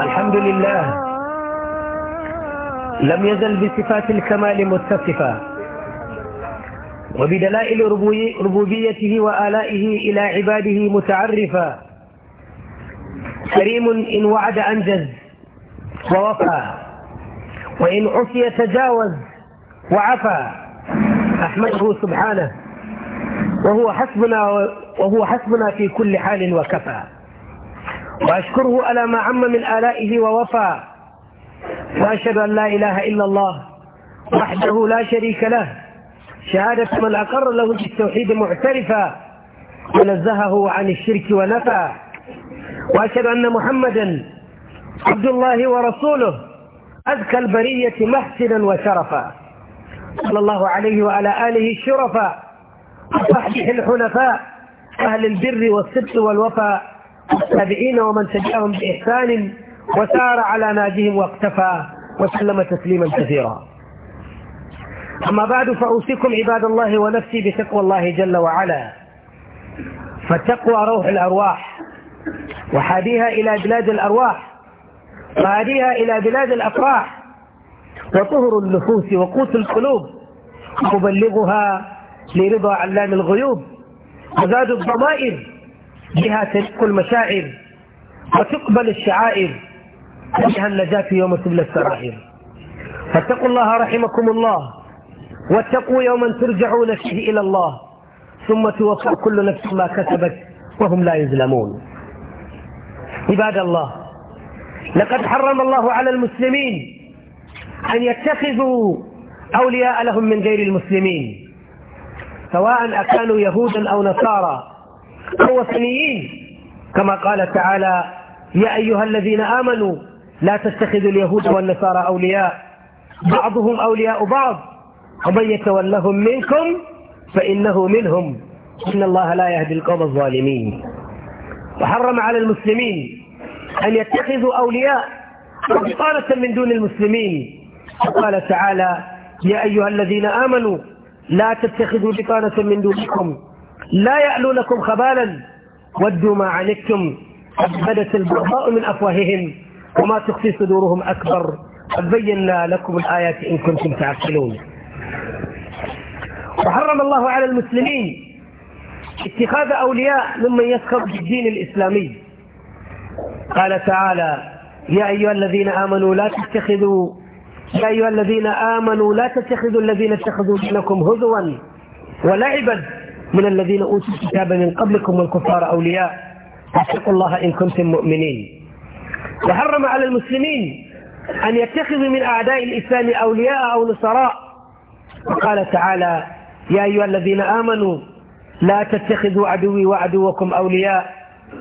الحمد لله لم يزل بصفات الكمال متصفا وبدلائل ربوبيته وآلائه إلى عباده متعرفا كريم إن وعد أنجز ووفى وإن عصي تجاوز وعفى أحمده سبحانه وهو حسبنا وهو حسبنا في كل حال وكفى وأشكره على ما عم من آلائه ووفى وأشهد أن لا إله إلا الله وحده لا شريك له شهادة من أقر له بالتوحيد معترفا ونزهه عن الشرك ونفى وأشهد أن محمدا عبد الله ورسوله أذكى البرية محسنا وشرفا صلى الله عليه وعلى آله الشرفاء وصحبه الحنفاء أهل البر والصدق والوفاء والتابعين ومن تبعهم بإحسان وسار على ناجهم واقتفى وسلم تسليما كثيرا أما بعد فأوصيكم عباد الله ونفسي بتقوى الله جل وعلا فالتقوى روح الأرواح وحاديها إلى بلاد الأرواح وهاديها إلى بلاد الأفراح وطهر النفوس وقوت القلوب مبلغها لرضا علام الغيوب وزاد الضمائر بها تشق المشاعر وتقبل الشعائر بها النجاة يوم تبلى السرائر فاتقوا الله رحمكم الله واتقوا يوما ترجعون فيه إلى الله ثم توفى كل نفس ما كسبت وهم لا يظلمون عباد الله لقد حرم الله على المسلمين أن يتخذوا أولياء لهم من غير المسلمين سواء أكانوا يهودا أو نصارى الوثنيين كما قال تعالى يا أيها الذين آمنوا لا تتخذوا اليهود والنصارى أولياء بعضهم أولياء بعض ومن يتولهم منكم فإنه منهم إن الله لا يهدي القوم الظالمين وحرم على المسلمين أن يتخذوا أولياء بطانة من دون المسلمين قال تعالى يا أيها الذين آمنوا لا تتخذوا بطانة من دونكم لا يألو لكم خبالا ودوا ما عنتم قد بدت البغضاء من أفواههم وما تخفي صدورهم أكبر قد بينا لكم الآيات إن كنتم تعقلون وحرم الله على المسلمين اتخاذ أولياء ممن يسخر بالدين الإسلامي قال تعالى يا أيها الذين آمنوا لا تتخذوا يا أيها الذين آمنوا لا تتخذوا الذين اتخذوا دينكم هزوا ولعبا من الذين أوتوا الكتاب من قبلكم والكفار أولياء اتقوا الله إن كنتم مؤمنين وحرم على المسلمين أن يتخذوا من أعداء الإسلام أولياء أو نصراء وقال تعالى يا أيها الذين آمنوا لا تتخذوا عدوي وعدوكم أولياء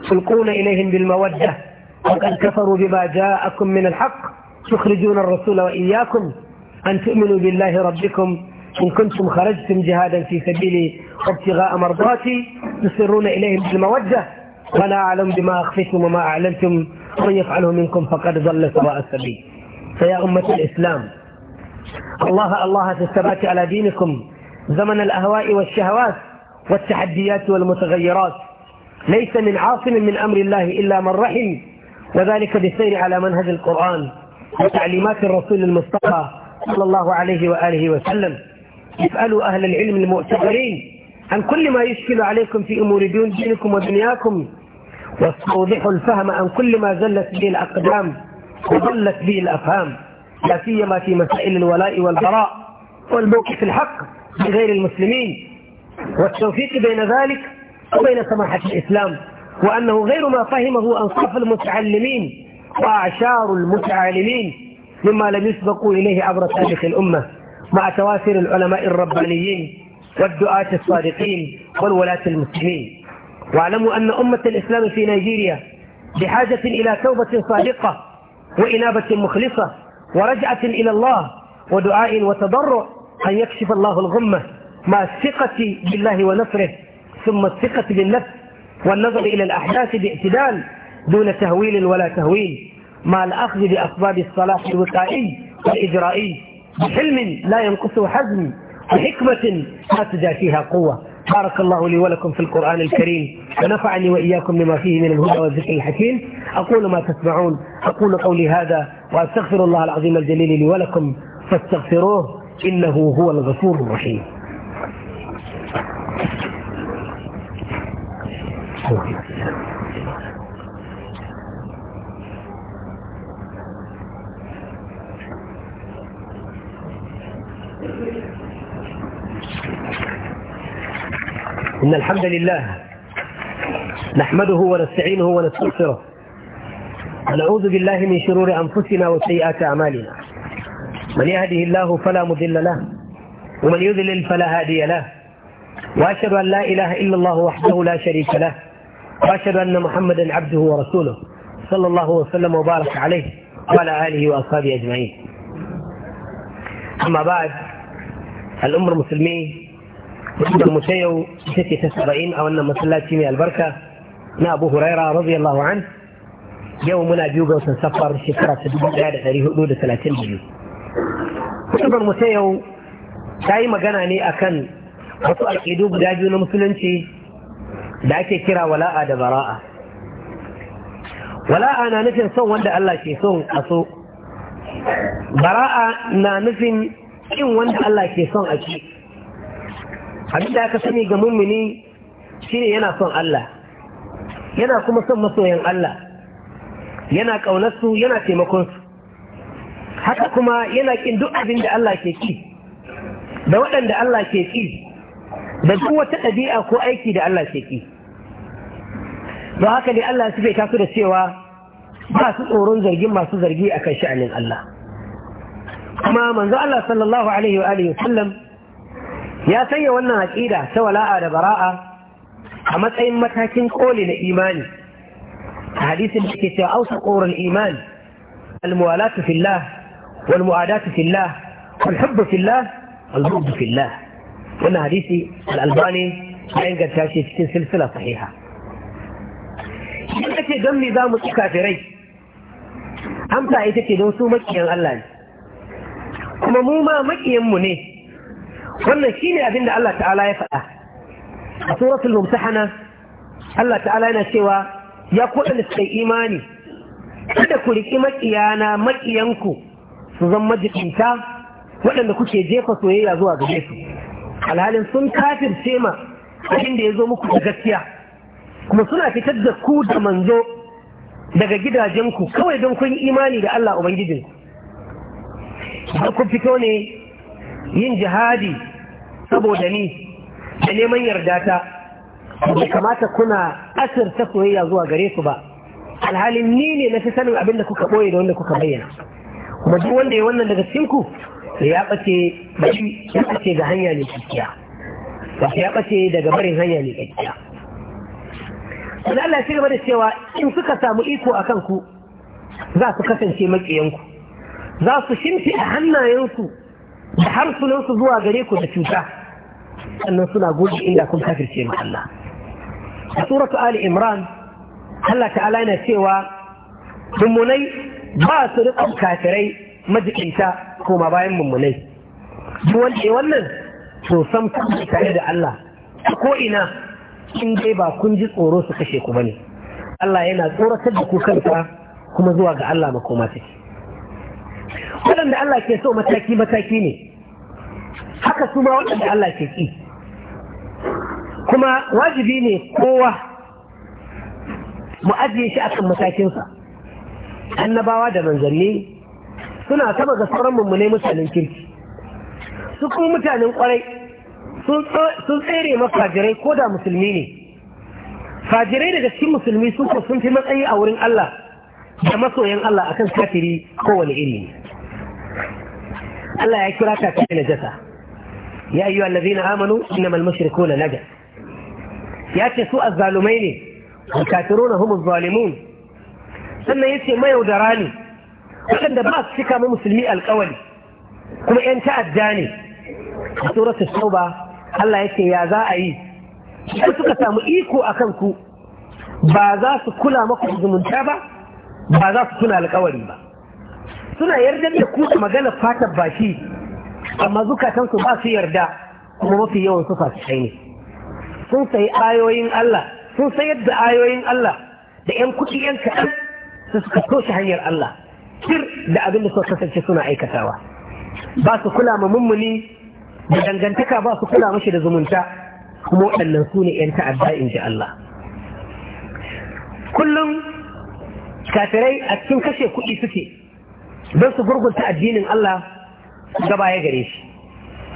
تلقون إليهم بالمودة وقد كفروا بما جاءكم من الحق تخرجون الرسول وإياكم أن تؤمنوا بالله ربكم إن كنتم خرجتم جهادا في سبيلي وابتغاء مرضاتي تسرون إليهم بالمودة ولا أعلم بما أخفيتم وما أعلنتم ومن يفعله منكم فقد ضل سواء السبيل فيا أمة الإسلام الله الله في الثبات على دينكم زمن الأهواء والشهوات والتحديات والمتغيرات ليس من عاصم من أمر الله إلا من رحم وذلك بالسير على منهج القرآن وتعليمات الرسول المصطفى صلى الله عليه وآله وسلم اسألوا أهل العلم المعتبرين عن كل ما يشكل عليكم في أمور دينكم ودنياكم واستوضحوا الفهم عن كل ما زلت به الأقدام وضلت به الأفهام لا سيما في مسائل الولاء والبراء والموقف الحق لغير المسلمين والتوفيق بين ذلك وبين سماحة الإسلام وأنه غير ما فهمه أنصاف المتعلمين وأعشار المتعالمين مما لم يسبقوا إليه عبر تاريخ الأمة مع توافر العلماء الربانيين والدعاة الصادقين والولاة المسلمين واعلموا أن أمة الإسلام في نيجيريا بحاجة إلى توبة صادقة وإنابة مخلصة ورجعة إلى الله ودعاء وتضرع أن يكشف الله الغمة مع الثقة بالله ونصره ثم الثقة بالنفس والنظر إلى الأحداث باعتدال دون تهويل ولا تهويل مع الأخذ بأسباب الصلاح الوقائي والإجرائي بحلم لا ينقصه حزم وحكمة لا تدافيها قوة بارك الله لي ولكم في القرآن الكريم ونفعني وإياكم لما فيه من الهدى والذكر الحكيم أقول ما تسمعون أقول قولي هذا وأستغفر الله العظيم الجليل لي ولكم فاستغفروه إنه هو الغفور الرحيم إن الحمد لله نحمده ونستعينه ونستغفره ونعوذ بالله من شرور أنفسنا وسيئات أعمالنا من يهده الله فلا مضل له ومن يذلل فلا هادي له وأشهد أن لا إله إلا الله وحده لا شريك له وأشهد أن محمدا عبده ورسوله صلى الله وسلم وبارك عليه وعلى آله وأصحابه أجمعين أما بعد al'ummar musulmi da mu ta yau ita ke ta saba'in a wannan masallaci mai albarka na abu huraira radiyallahu an yau muna biyu ga wasan safar shekara ta dubu daya da dari hudu da talatin da biyu kutubar mu ta yau ta yi magana ne akan wasu alƙidu guda biyu na musulunci da ake kira wala'a da bara'a wala'a na nufin son wanda Allah ke son a so bara'a na nufin ƙin wanda Allah ke son a abin da aka sani ga mummuni shine yana son Allah yana kuma son masoyan Allah yana ƙaunarsu yana taimakonsu haka kuma yana ƙin duk abin da Allah ke ki da waɗanda Allah ke ki da duk wata ɗabi'a ko aiki da Allah ke ki don haka ne Allah su bai taso da cewa ba su tsoron zargin masu zargi akan sha'anin Allah kuma manzo Allah sallallahu alaihi wa alihi sallam ya sanya wannan aqida ta wala'a da bara'a a matsayin matakin koli na imani a hadisin da ke cewa ausa qoran iman almuwalatu fillah wal mu'adatu fillah wal hubbu fillah wal bughdu fillah wannan hadisi al-albani ya inganta shi cikin silsila sahiha ita ce don me za mu ci kafirai amsa ita ce don su makiyan Allah ne kuma mu ma mu ne wannan shi ne abin da Allah ta'ala ya faɗa a suratul mumtahana Allah ta'ala yana cewa ya kuɗa suka yi imani kada ku riƙi maƙiyana maƙiyanku su zama jikinta waɗanda kuke jefa soyayya zuwa gare su alhalin sun kafirce ma abin da ya zo muku da gaskiya kuma suna fitar da ku da manzo daga gidajenku kawai don kun imani da Allah Ubangijinku har kun fito ne yin jihadi saboda ni da neman yarda ta bai kamata kuna asir ta soyayya zuwa gare su ba alhalin ni ne na fi sanin abin da kuka ɓoye da wanda kuka bayyana kuma duk wanda ya wannan daga cikinku ya ɓace ya ɓace ga hanya ne kakkiya ba ya ɓace daga barin hanya ne kakkiya Wani Allah ya ci gaba da cewa in suka samu iko a kanku za su kasance maƙiyanku za su shimfi a hannayensu da harsunansu zuwa gare ku da cuta sannan suna goge inda kun kafirce ma Allah a suratu Ali Imran Allah ta'ala yana cewa mummunai ba su riƙa kafirai majikinta koma bayan mummunai duk wanda wannan to sam tare da Allah ko ina in dai ba kun ji tsoro su kashe ku bane Allah yana tsoratar da ku kanka kuma zuwa ga Allah makoma take waɗanda Allah ke so mataki mataki ne haka su ma waɗanda Allah ke ki kuma wajibi ne kowa mu ajiye shi kan matakinsa annabawa da manzanni suna sama ga sauran mummune mutanen kirki su kuma mutanen kwarai sun tsere mafajirai ko da musulmi ne fajirai daga cikin musulmi su ko sun fi matsayi a wurin Allah da masoyan Allah akan kafiri kowane iri Allah ya kira ka kai najasa ya ayyuhal ladina amanu innamal mushrikuna najas ya ce su azzalumai ne kafiruna hum zalimun sannan yace mayaudara ne waɗanda ba su cika mu musulmi alƙawari kuma yan ta'adda ne a suratul tauba Allah yace ya za a yi su suka samu iko akan ku ba za su kula maku zumunta ba ba za su kula alƙawari ba suna yarda da ku da magana fatar bashi, amma zukatan su ba su yarda kuma mafi yawan su fasu ne sun sayi ayoyin Allah sun sayar da ayoyin Allah da yan kuɗi yan kaɗan su suka toshe hanyar Allah sir da abin da suka kasance suna aikatawa ba su kula ma mummuni da dangantaka ba su kula mashi da zumunta kuma waɗannan su ne yan ta'adda in ji Allah kullum kafirai a cikin kashe kuɗi suke don su gurgunta addinin Allah ga baya gare shi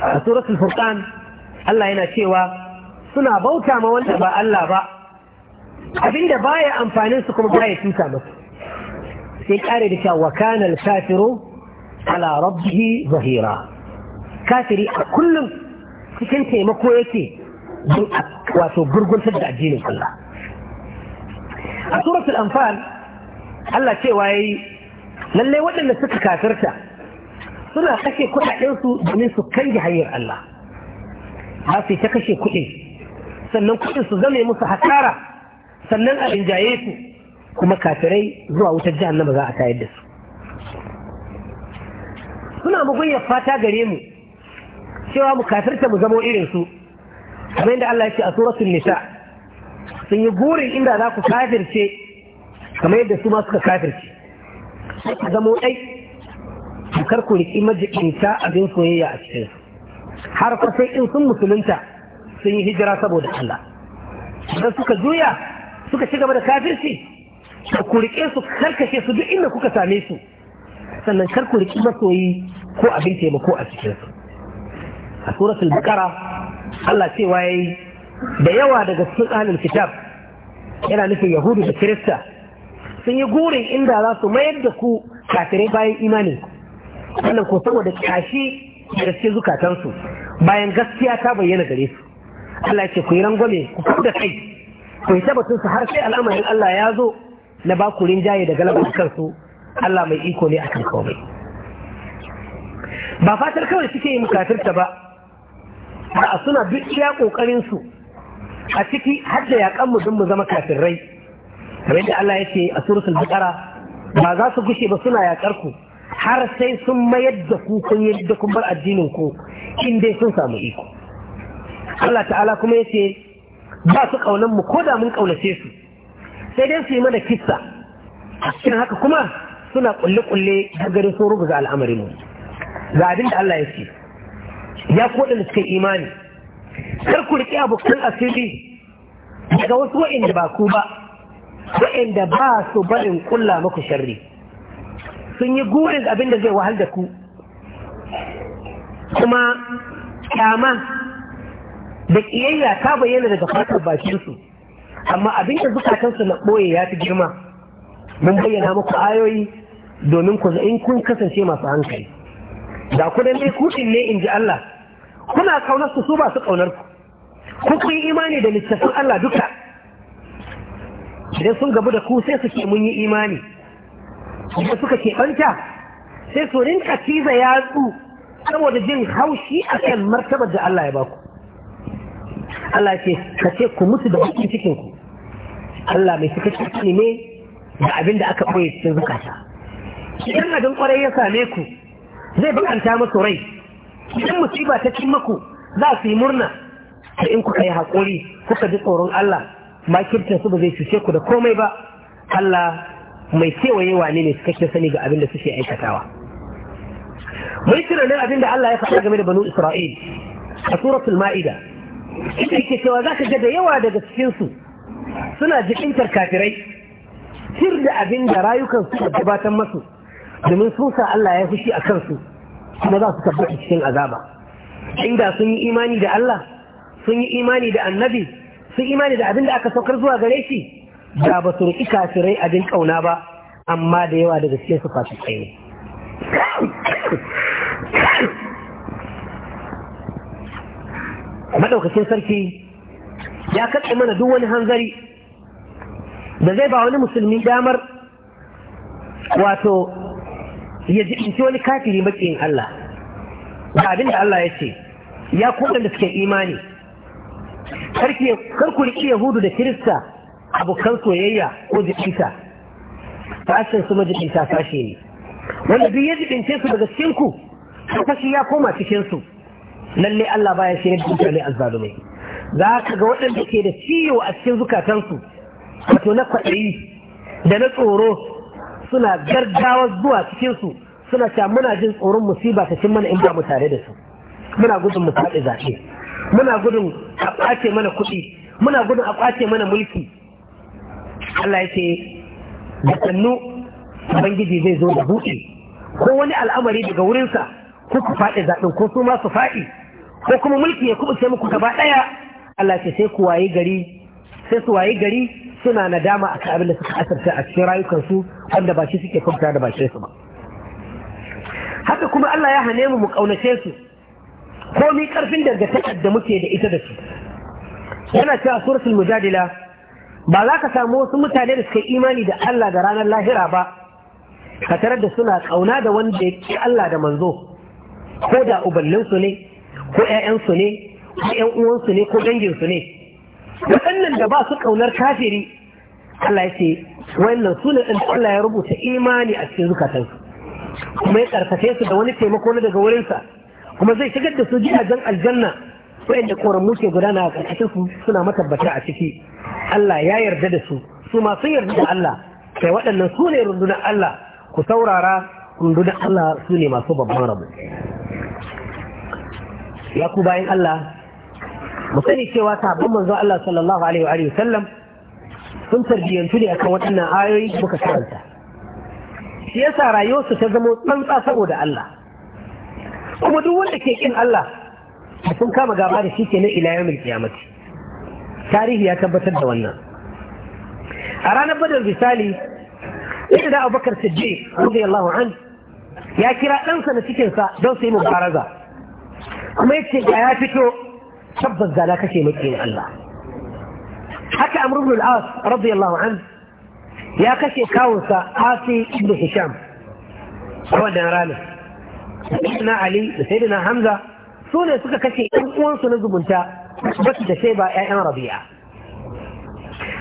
a suratul furqan Allah yana cewa suna bauta ma wanda ba Allah ba abinda baya amfanin su kuma baya tuta musu sai kare da cewa wa kana al-kafiru ala rabbihi zahira kafiri a kullum cikin taimako yake don wato gurguntar da addinin Allah a suratul anfal Allah cewa yayi lallai waɗanda suka kafirta suna kashe kuɗaɗensu domin su kai hanyar Allah ba su ta kashe kuɗi sannan kuɗin su zame musu hasara sannan a rinjaye su kuma kafirai zuwa wutar jahannama za a tayar da su suna mugunyar fata gare mu cewa mu kafirta mu zamo irin su kamar yadda Allah ya ce a suratul nisa sun yi burin inda za ku kafirce kamar yadda su ma suka kafirce har ka zamo ɗai kar karku riƙi majikinta abin soyayya a cikin har fa in sun musulunta sun yi hijira saboda Allah idan suka juya suka ci gaba da kafirci ku riƙe su karkashe su duk inda kuka same su sannan kar ku riƙi masoyi ko abin taimako a cikin su a suratul baqara Allah cewa yayi da yawa daga cikin ahlul kitab yana nufin yahudu da kirista sun yi gurin inda za su mayar da ku kafirai bayan imani wannan ko saboda kashi da gaske zukatansu bayan gaskiya ta bayyana gare su Allah ce ku yi rangwame ku da kai ku yi tabbatun su har sai al'amarin Allah ya zo na ba ku rinjaye da galaba kansu Allah mai iko ne a kan komai ba fatar kawai suke yi mukatarta ba a suna duk iya kokarin su a ciki har da yakan mu mu zama kafirrai kamar da Allah ya ce a suratul baqara ba za su gushe ba suna yakar ku har sai sun mayar da ku kun da kun bar addinin ku in dai sun samu iko Allah ta'ala kuma ya ce ba su kaunan mu ko da mun kaunace su sai dai su yi mana kissa cikin haka kuma suna kulle kulle ga garin sun rubuta al'amari mu ga abin da Allah ya ce ya da suka imani kar ku riƙe abokan asiri daga wasu waɗanda ba ku ba waɗanda ba su barin kulla maku sharri sun yi gurin abinda zai wahal da ku kuma kyama da ƙiyayya ta bayyana daga fatar bakinsu amma abin da zukatansu na ɓoye ya fi girma mun bayyana muku ayoyi domin ku in kun kasance masu hankali da ku da mai kuɗin ne in ji Allah kuna kaunar su su ba su kaunar ku ku yi imani da littafin Allah duka idan sun gabu da ku sai su ce mun yi imani idan suka ke ɓanta sai su rinka ciza yatsu saboda jin haushi a kan martabar da Allah ya baku Allah ce ka ce ku mutu da bakin cikin Allah mai suka ce ne da abin da aka ɓoye cikin zukata idan abin kwarai ya same ku zai bakanta masu rai idan musiba ta cin maku za su yi murna in kuka yi haƙuri kuka ji tsoron Allah makircin su ba zai cuce ku da komai ba Allah mai kewaye wane ne cikakken sani ga abin da suke aikatawa mai tunanin abin da Allah ya faɗa game da banu Isra'il a suratul ma'ida ita yake cewa zaka ga da yawa daga cikin su suna jikintar kafirai sir da abin da rayukan da masu domin sun sa Allah ya fushi a kansu kuma za su tabbata cikin azaba inda sun yi imani da Allah sun yi imani da annabi sun imani da abin da aka saukar zuwa gare shi da ba su riƙi kafirai abin ƙauna ba amma da yawa daga cikin su fasikai maɗaukacin sarki ya kaɗe mana duk wani hanzari da zai ba wani musulmi damar wato ya jibinci wani kafiri maƙiyin Allah da abin da Allah ya ce ya kuɗin da suke imani kar ku riƙi yahudu da kirista abokan soyayya ko jikinta sashen su majibinta sashe ne wanda duk ya jibince su daga cikin ku kashi ya koma cikinsu, lallai lalle Allah baya shi ne mutane azzalumai za ka ga waɗanda ke da ciwo a cikin zukatansu wato na kwaɗayi da na tsoro suna gargawa zuwa cikinsu suna cewa muna jin tsoron musiba ta cin mana in ba mu tare da su muna gudun mu faɗi zaɓe muna gudun a ƙwace mana kuɗi muna gudun a ƙwace mana mulki Allah ya ce da sannu ubangiji zai zo da buɗe ko wani al'amari daga wurinsa ko ku faɗi zaɓin ko su ma su faɗi ko kuma mulki ya kuɓuce muku gaba ɗaya Allah ya ce sai ku gari sai su wayi gari suna nadama a kan abin da suka asarta a cikin rayukansu wanda ba shi suke kwamta da ba shi su ba haka kuma Allah ya hane mu mu ƙaunace su komi karfin dangantakar da muke da ita da su yana cewa suratul mujadila ba za ka samu wasu mutane da suka imani da Allah da ranar lahira ba ka tarar da suna kauna da wanda ya ki Allah da manzo ko da su ne ko ƴaƴansu ne ko ƴan uwansu ne ko dangin su ne waɗannan da ba su kaunar kafiri Allah ya ce wannan sunan ɗan Allah ya rubuta imani a cikin zukatansu kuma ya karkace su da wani taimako na daga wurinsa kuma zai shigar da su gidajen aljanna wa'anda koramu ke gudana a ƙarƙashin su suna matabbata a ciki Allah ya yarda da su su ma yarda da Allah kai waɗannan su ne rundunar Allah ku saurara rundunar Allah su ne masu babban rabu ya ku bayan Allah mu sani cewa sabon manzo Allah sallallahu alaihi wa sallam sun tarbiyyantu ne akan waɗannan ayoyi muka karanta shi yasa rayuwarsu ta zama tsantsa saboda Allah kuma duk wanda ke kin Allah a sun kama gaba da shi kenan ila yawmil qiyamati tarihi ya tabbatar da wannan a ranar badar misali sai da Abubakar Siddiq radiyallahu an ya kira ɗansa na cikinsa don su yi mubaraza kuma yace ga ya fito tabbas ga na kashe makiyin Allah haka Amr ibn al-As radiyallahu an ya kashe kawunsa Asi ibn Hisham a wannan ranar sayyidina ali da sayyidina hamza su ne suka kashe ɗan uwansu na zubunta basu da sai ba ƴaƴan rabi'a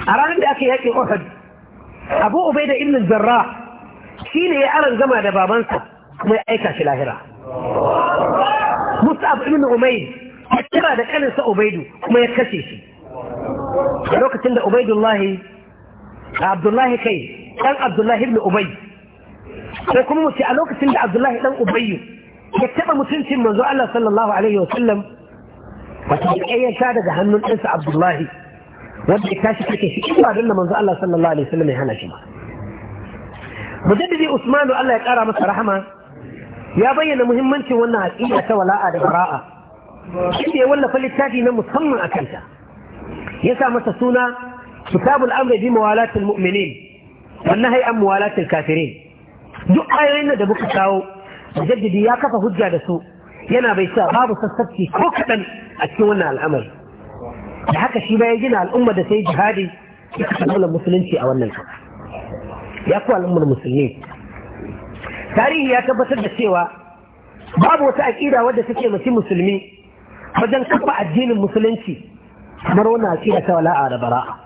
a ranar da aka yaƙin uhud abu ubaida ibn zarra shi ne ya aran zama da babansa kuma ya aika shi lahira mus'ab ibn umayd ya kira da kaninsa ubaidu kuma ya kashe shi a lokacin da ubaidullahi abdullahi kai dan abdullahi ibn ubay ko kuma mu ce a lokacin da abdullahi dan ubayyu ya taɓa mutuncin manzo Allah sallallahu alaihi wasallam wato ya sha daga hannun ɗansa Abdullahi wanda ya tashi kake shi in ba don manzo Allah sallallahu alaihi wasallam ya hana shi ba mujaddidi Usmanu Allah ya kara masa rahama ya bayyana muhimmancin wannan aqida ta wala'a da bara'a shi ne wallafa littafi na musamman a kanta ya sa masa suna kitabul amri bi mawalatil mu'minin wannan hay'an mawalatil kafirin duk ayoyin da muka kawo mujaddidi ya kafa hujja da su yana bai sa babu sassabci ko kaɗan a cikin wannan al'amari da haka shi ya gina al'umma da sai jihadi ya musulunci a wannan kasa ya ku al'ummar musulmi tarihi ya tabbatar da cewa babu wata aƙida wadda take mace musulmi wajen kafa addinin musulunci kamar wannan aƙida ta wala'a da bara'a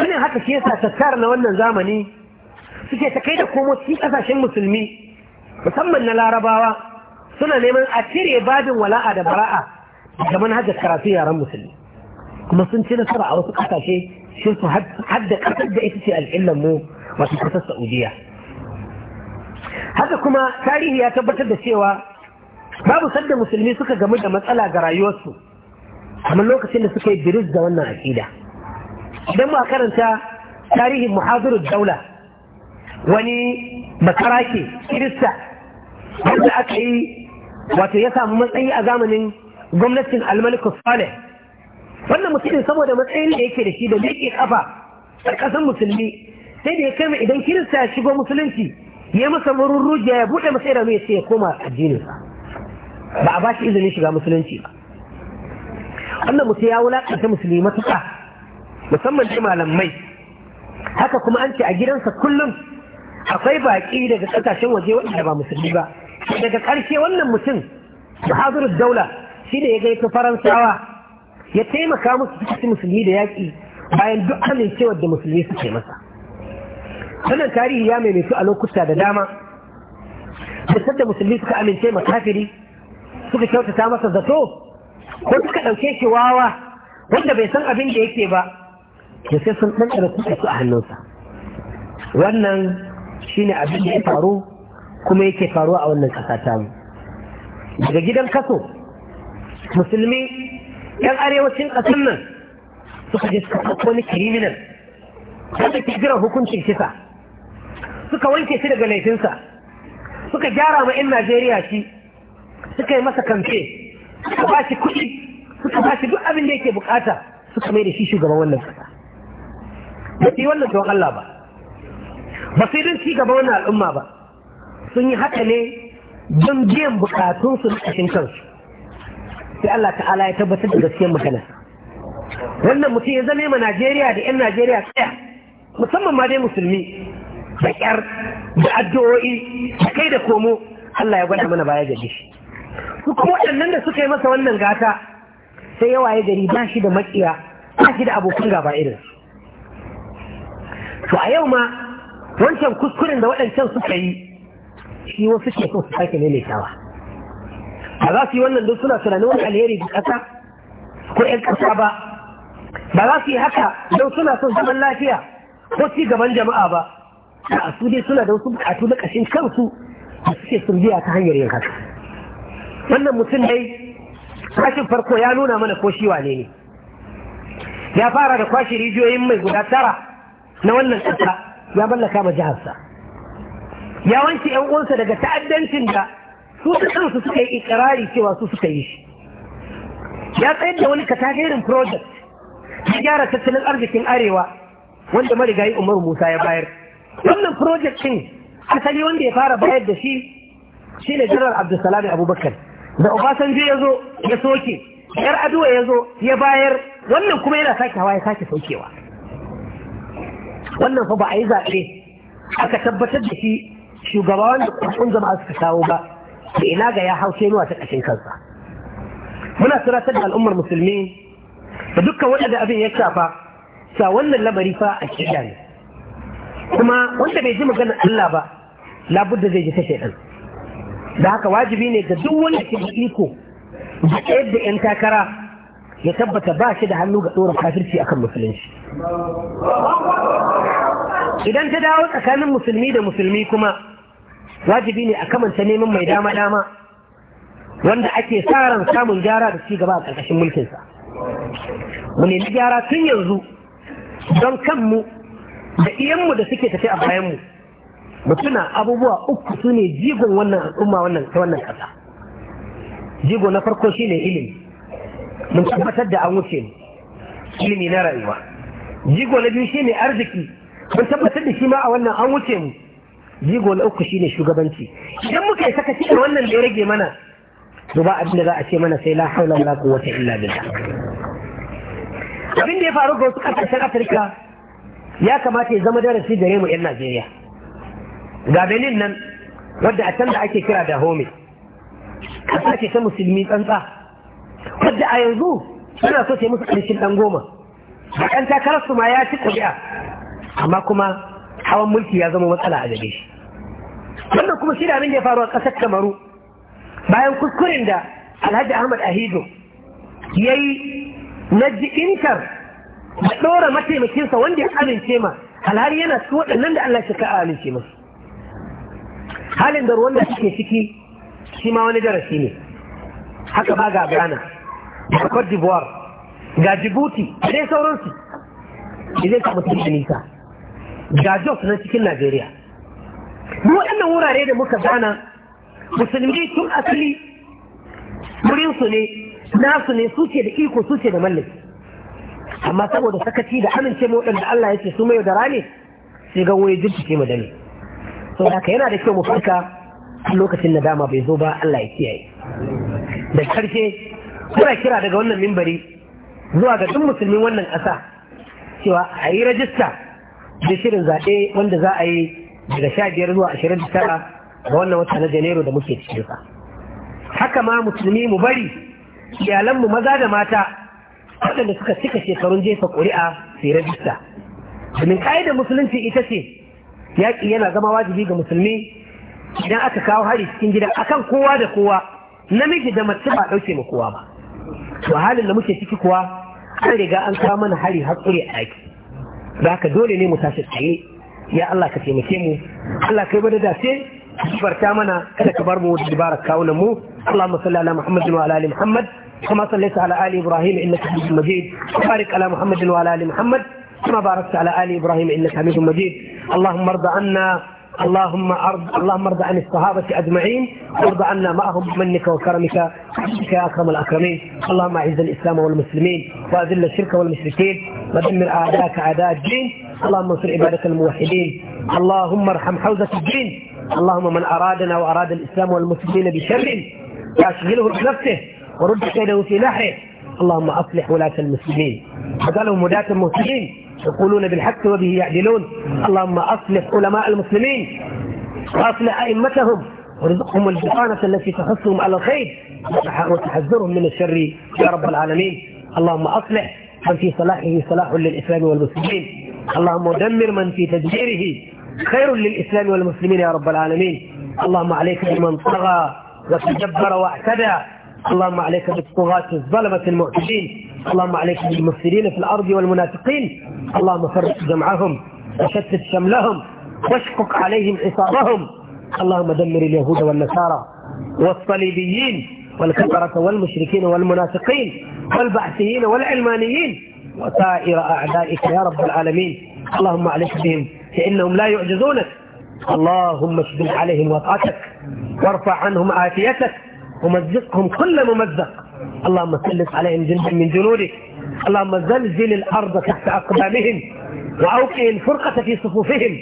wannan haka shi yasa tattara na wannan zamani suke ta kai da komo cikin ƙasashen musulmi musamman na larabawa suna neman a cire babin wala'a da bara'a da manhajar karatu yaren musulmi kuma sun ci nasara a wasu kasashe shi su hadda kasar da ita ce al'illan mu wasu kasar saudiya haka kuma tarihi ya tabbatar da cewa babu sadda musulmi suka gamu da matsala ga rayuwarsu kamar lokacin da suka yi biris da wannan aƙida idan ba karanta tarihin muhazirul daula wani bakarake kirista wanda aka yi wato ya samu matsayi a zamanin gwamnatin almaliku salih wannan mutumin saboda matsayin da yake da shi da miƙe kafa a ƙasar musulmi sai da ya kai idan kirista ya shigo musulunci ya masa wurin rujiya ya buɗe masa idanu ya ce ya koma addininsa ba a ba shi izinin shiga musulunci ba wannan mutum ya wulaƙanta musulmi matuƙa musamman da malamai haka kuma an ce a gidansa kullum akwai baƙi daga ƙasashen waje waɗanda ba musulmi ba daga ƙarshe wannan mutum bahadur daula shi da ya gaito faransawa ya taimaka musu cikin musulmi da yaƙi bayan duk amincewar da musulmi suke masa wannan tarihi ya maimaitu a lokuta da dama da da musulmi suka amince ma kafiri suka kyautata masa zato ko suka ɗauke shi wawa wanda bai san abin da yake ba ya sai sun ɗanɗana kuka su a hannunsa wannan shine abin da ya faru kuma yake faruwa a wannan ƙasa mu daga gidan kaso musulmi yan arewacin ƙasar nan suka je suka ɗauko wani kiriminal wanda ke jiran hukuncin kisa suka wanke shi daga laifinsa suka gyara ma 'yan najeriya shi suka yi masa kamfe suka ba shi kuɗi suka ba shi duk abin da yake bukata suka mai da shi shugaban wannan ƙasa ba su yi wannan don Allah ba ba su yi don ci gaba wannan al'umma ba sun yi haka ne don biyan bukatun su ƙashin kansu sai Allah ta'ala ya tabbatar da gaskiyar magana wannan mutum ya zame ma Najeriya da 'yan Najeriya tsaya musamman ma dai musulmi da ƙyar da addu'o'i da kai da komo Allah ya gwada mana baya gari su kuma waɗannan da suka yi masa wannan gata sai yawa ya gari ba shi da maƙiya ba shi da abokan gaba irin to a yau ma wancan kuskuren da waɗancan suka yi shi wasu ke so su sake maimaitawa ba za su yi wannan don suna tunanin wani alheri ga ƙasa ko 'yan ƙasa ba ba za su yi haka don suna son zaman lafiya ko ci gaban jama'a ba a su dai suna da wasu buƙatu na ƙashin kansu da suke sun biya ta hanyar yin haka wannan mutum dai kashin farko ya nuna mana ko shi wane ne ya fara da kwashe rijiyoyin mai guda tara na wannan ƙasa ya mallaka ma sa. ya wanke yan uwansa daga ta'addancin da su san kansu suka yi ikirari cewa su suka yi shi ya tsayar da wani katagairin project ya gyara tattalin arzikin arewa wanda marigayi umaru musa ya bayar wannan project ɗin asali wanda ya fara bayar da shi shi ne jiran abdulsalami abubakar da obasanjo ya zo ya soke yar aduwa ya zo ya bayar wannan kuma yana sake hawa ya sake saukewa wannan fa ba a yi zaɓe aka tabbatar da shi shugaba wanda kun jama'a suka kawo ba da ina ga ya haushe nuwa ta ƙashin kansa muna tunatar da al'ummar musulmi da dukkan waɗanda abin ya shafa sa wannan lamari fa a shirya ne kuma wanda bai ji maganar Allah ba labudda zai ji ta shaidan da haka wajibi ne ga duk wanda ke da iko da yadda 'yan takara ya tabbata ba shi da hannu ga ɗora kafirci akan musulunci idan ta dawo tsakanin musulmi da musulmi kuma wajibi ne a kamanta neman mai dama dama wanda ake sa samun gyara da ci gaba a ƙarƙashin mulkinsa mu nemi gyara tun yanzu don kanmu da iyanmu da suke tafi a bayanmu mu tuna abubuwa uku su ne jigon wannan al'umma wannan ta wannan ƙasa jigo na farko shine ilimi mun tabbatar da an wuce ilimi na rayuwa jigo na biyu shine arziki mun tabbatar da shi ma a wannan an wuce mu jigo na uku shine shugabanci idan muka yi saka cikin wannan da ya rage mana to ba abin za a ce mana sai la haula wala illa billah abin da ya faru ga wasu kasashen Afirka ya kamata ya zama darasi gare mu 'yan Najeriya ga Benin nan wadda a can da ake kira da home kasa ta musulmi tsantsa wadda a yanzu suna so ta musu karshen ɗan goma da ɗan su ma ya ci ƙuri'a amma kuma hawan mulki ya zama matsala a gare shi wannan kuma shi da abin da ya faru a ƙasar kamaru bayan kuskurin da alhaji ahmad ahido ya yi na jikinkar da ɗora mataimakinsa wanda ya amince ma alhari yana su waɗannan da allah shi ka amince ma. halin da ruwan da suke ciki shi ma wani darasi ne haka ba ga ghana ga cote d'ivoire ga djibouti da dai sauransu idan zai mutum da nisa ga jos na cikin najeriya mu waɗannan wurare da muka gana musulmi tun asali wurinsu ne nasu ne suke da iko suke da mallaki amma saboda sakaci da amince mu waɗanda Allah ya ce su mai da rane sai ga waye jirkice mu da to sau da yana da kyau mu farka lokacin nadama bai zo ba Allah ya kiyaye da karshe kuna kira daga wannan mimbari zuwa ga duk musulmin wannan ƙasa cewa a yi rajista da shirin zaɓe wanda za a yi daga sha biyar zuwa ashirin da tara ga wannan wata na janairu da muke cikin sa haka ma musulmi mu bari iyalanmu maza da mata waɗanda suka cika shekarun jefa ƙuri'a su yi rajista domin ƙa'idar musulunci ita ce yaƙi yana zama wajibi ga musulmi idan aka kawo hari cikin gida akan kowa da kowa namiji da mace ba ɗauke ma kowa ba to halin da muke ciki kuwa an riga an kawo mana hari har ƙuri a yaki da dole ne mu tashi tsaye ya Allah ka taimake mu Allah kai bada dace barta mana kada ka bar mu da dabarar kawunan mu Allahumma salli ala Muhammad wa ala ali Muhammad kama sallaita ala ali Ibrahim innaka Hamidum Majid barik ala Muhammad wa ala ali Muhammad كما باركت على ali إبراهيم إنك حميد مجيد اللهم ارض عنا اللهم أرض اللهم ارض عن الصحابة أجمعين وارض عنا معهم بمنك وكرمك يا أكرم الأكرمين اللهم أعز الإسلام والمسلمين وأذل الشرك والمشركين ودمر أعداءك أعداء الدين اللهم انصر عبادك الموحدين اللهم ارحم حوزة الدين اللهم من أرادنا وأراد الإسلام والمسلمين بشر فأشغله بنفسه ورد كيده في نحره اللهم أصلح ولاة المسلمين وجعلهم ولاة المسلمين يقولون بالحق وبه يعدلون اللهم أصلح علماء المسلمين وأصلح أئمتهم وارزقهم البطانة التي تحثهم على الخير وتحذرهم من الشر يا رب العالمين اللهم أصلح من في صلاحه صلاح للإسلام والمسلمين اللهم دمر من في تدميره خير للإسلام والمسلمين يا رب العالمين اللهم عليك بمن طغى وتجبر واعتدى اللهم عليك بالطغاة الظلمة المعتدين اللهم عليك بالمفسدين في الأرض والمنافقين اللهم فرق جمعهم وشتت شملهم واشقق عليهم عصابهم اللهم دمر اليهود والنصارى والصليبيين والكفرة والمشركين والمنافقين والبعثيين والعلمانيين وسائر أعدائك يا رب العالمين اللهم عليك بهم فإنهم لا يعجزونك اللهم اشدد عليهم وطأتك وارفع عنهم آتيتك ومزقهم كل ممزق اللهم سلط عليهم جنبا من جنودك اللهم زلزل الأرض تحت أقدامهم وأوقع الفرقة في صفوفهم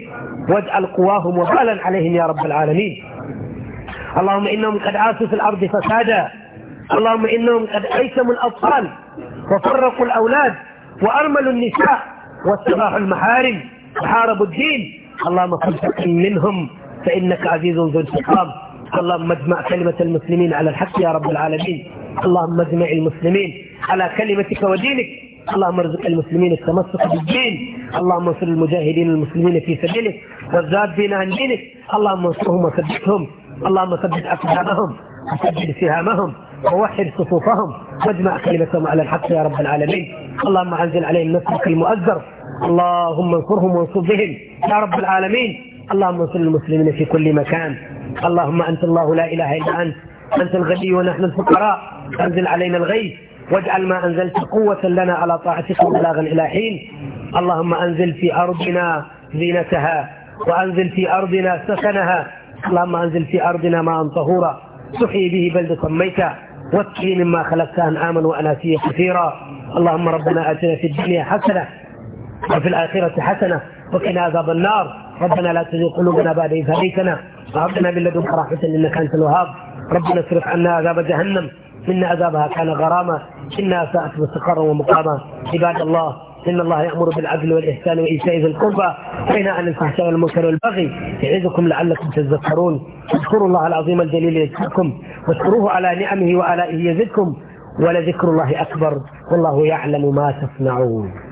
واجعل قواهم وبالا عليهم يا رب العالمين اللهم إنهم قد عاشوا في الأرض فسادا اللهم إنهم قد أيسموا الأطفال وفرقوا الأولاد وأرملوا النساء واستباحوا المحارم وحاربوا الدين اللهم فلتكن منهم فإنك عزيز ذو انتقام اللهم اجمع كلمة المسلمين على الحق يا رب العالمين اللهم اجمع المسلمين على كلمتك ودينك اللهم ارزق المسلمين التمسك بالدين اللهم انصر المجاهدين المسلمين في سبيلك بنا عن دينك اللهم انصرهم وثبتهم اللهم ثبت اقدامهم وثبت سهامهم ووحد صفوفهم واجمع كلمتهم على الحق يا رب العالمين اللهم انزل عليهم نصرك المؤزر اللهم انصرهم وانصر بهم يا رب العالمين اللهم انصر المسلمين في كل مكان اللهم أنت الله لا إله إلا أنت أنت الغني ونحن الفقراء أنزل علينا الغيث واجعل ما أنزلت قوة لنا على طاعتك وبلاغا إلى حين اللهم أنزل في أرضنا زينتها وأنزل في أرضنا سكنها اللهم أنزل في أرضنا ماء طهورا تحيي به بلدة ميتا واتقي مما خلقت أنعاما وأناسيا كثيرا اللهم ربنا آتنا في الدنيا حسنة وفي الآخرة حسنة وقنا عذاب النار ربنا لا تزغ قلوبنا بعد إذ هديتنا وهب لنا من لدنك رحمة إنك أنت الوهاب ربنا اصرف عنا عذاب جهنم إن عذابها كان غراما إنها ساءت مستقرا ومقاما عباد الله إن الله يأمر بالعدل والإحسان وإيتاء ذي القربى وينهى عن الفحشاء والمنكر والبغي يعظكم لعلكم تذكرون اذكروا الله العظيم الجليل يذكركم واشكروه على نعمه وآلائه يزدكم ولذكر الله أكبر والله يعلم ما تصنعون